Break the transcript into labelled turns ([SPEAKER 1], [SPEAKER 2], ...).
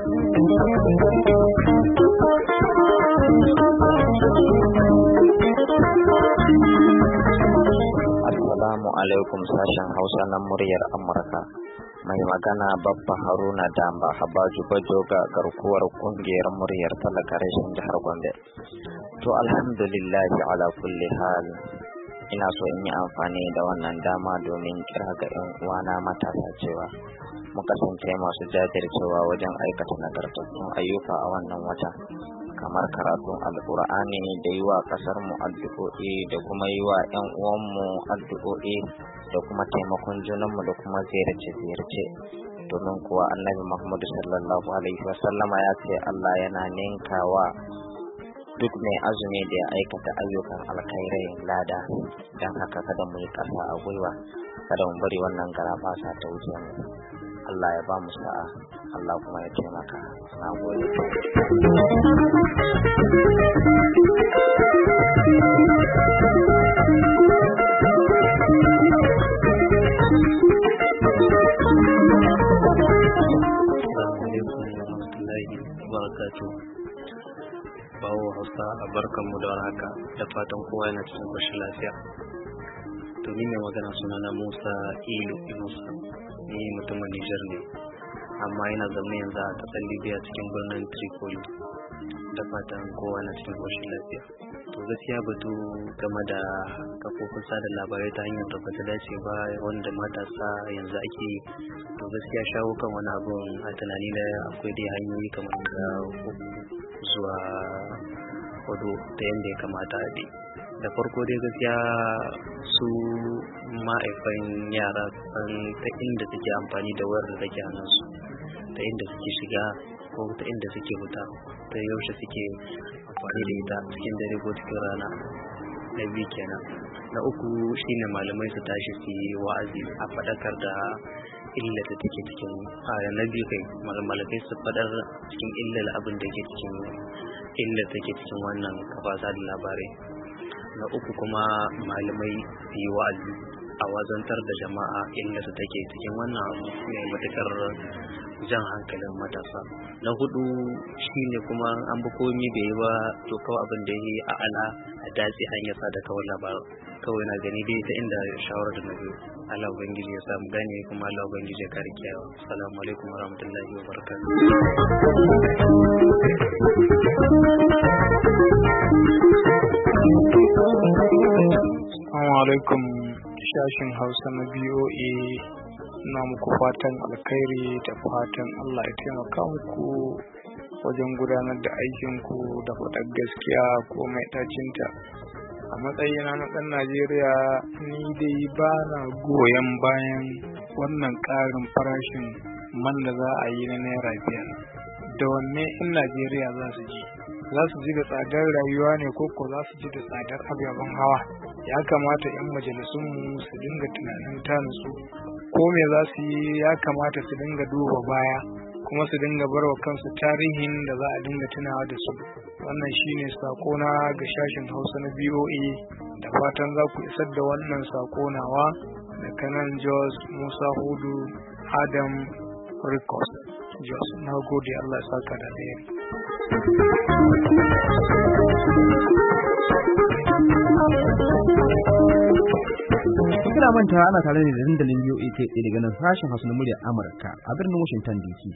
[SPEAKER 1] Assalamu alaikum sashen Hausa na muryar Amurka. Mai magana babba Haruna Damba Habaju Bajo ga garkuwar kungiyar muryar talakareshin jihar Gombe. To alhamdulillahi ala kulli hali. Ina so in yi amfani da wannan dama domin kira ga 'yan uwana matasa cewa mu kasance masu jajircewa wajen aikata nagartattun ayyuka a wannan wata kamar karatun alkur'ani da yi wa ƙasarmu addu'o'i da kuma yi wa 'yan uwanmu addu'o'i da kuma taimakon junanmu da kuma ziyarce-ziyarce domin kuwa annabi muhammadu sallallahu alaihi wasallama ya ce allah yana ninkawa duk mai azumi da ya aikata ayyukan alkhairai lada don haka kada mu yi ƙasa a gwiwa kada mu bari wannan garaba ta wuce mu Allah ya ba mu sa'a Allah kuma ya taimaka na gode
[SPEAKER 2] bawo hausa a mu da haka da fatan kowa yana cikin koshin lafiya domin mai magana suna na musa ilu inusa ni mutumin nijar ne amma yana zama yanzu a ƙasar libya cikin birnin tripoli da fatan kowa na cikin ƙoshin lafiya to gaskiya batu game da kafofin sada labarai ta hanyar da ta dace ba wanda matasa yanzu ake yi to gaskiya shawo kan wani abun a tunani da akwai dai hanyoyi kamar da zuwa hudu ta yadda ya kamata a da farko dai gaskiya su ma'aifan yara san ta inda suke amfani da wayar da take hannunsu ta inda suke shiga ko ta inda suke fita ta yaushe suke amfani da ita cikin dare ko cikin rana na biyu kenan na uku shine malamai su tashi su yi wa'azi a faɗakar da illa da take cikin a na biyu kai malamai su faɗar cikin illar abin da ke cikin illa take cikin wannan kafa da labarai na uku kuma malamai su yi wa'azi a wazantar da jama'a inda su take cikin wannan mai matukar jan hankalin matasa na hudu ne kuma an bi komi da yi ba to kawai abin da yi a ala a dace hanyar sa da kawai labarin kawai na gani dai ta inda shawarar da na biyu Allah ubangiji ya samu gane kuma Allah ubangiji ya kare kiyawa assalamu alaikum warahmatullahi wabarakatuh
[SPEAKER 3] Assalamu alaikum shashin Hausa na BOA na muku fatan alkhairi da fatan Allah ya taimaka muku wajen gudanar da aikinku da faɗar gaskiya ko mai ɗacinta. A matsayin na ɗan Najeriya ni dai ba na goyon bayan wannan ƙarin farashin man da za a yi na Naira biyar. Da wanne in Najeriya za su ji? Za su ji da tsadar rayuwa ne ko ko za su ji da tsadar abin hawa? ya kamata 'yan majalisunmu su dinga tunanin ta ko me za su yi ya kamata su dinga duba baya kuma su dinga barwa kansu tarihin da za a dinga tunawa da su wannan shine sakona ga shashin hausa na boa da fatan za ku isar da wannan sakonawa da kanan jos musa hudu adam rikos jos na gode allah saka da
[SPEAKER 2] alheri manta ana tare ne da dandalin VOA kai daga nan sashen Hausa na murya Amurka a birnin Washington DC.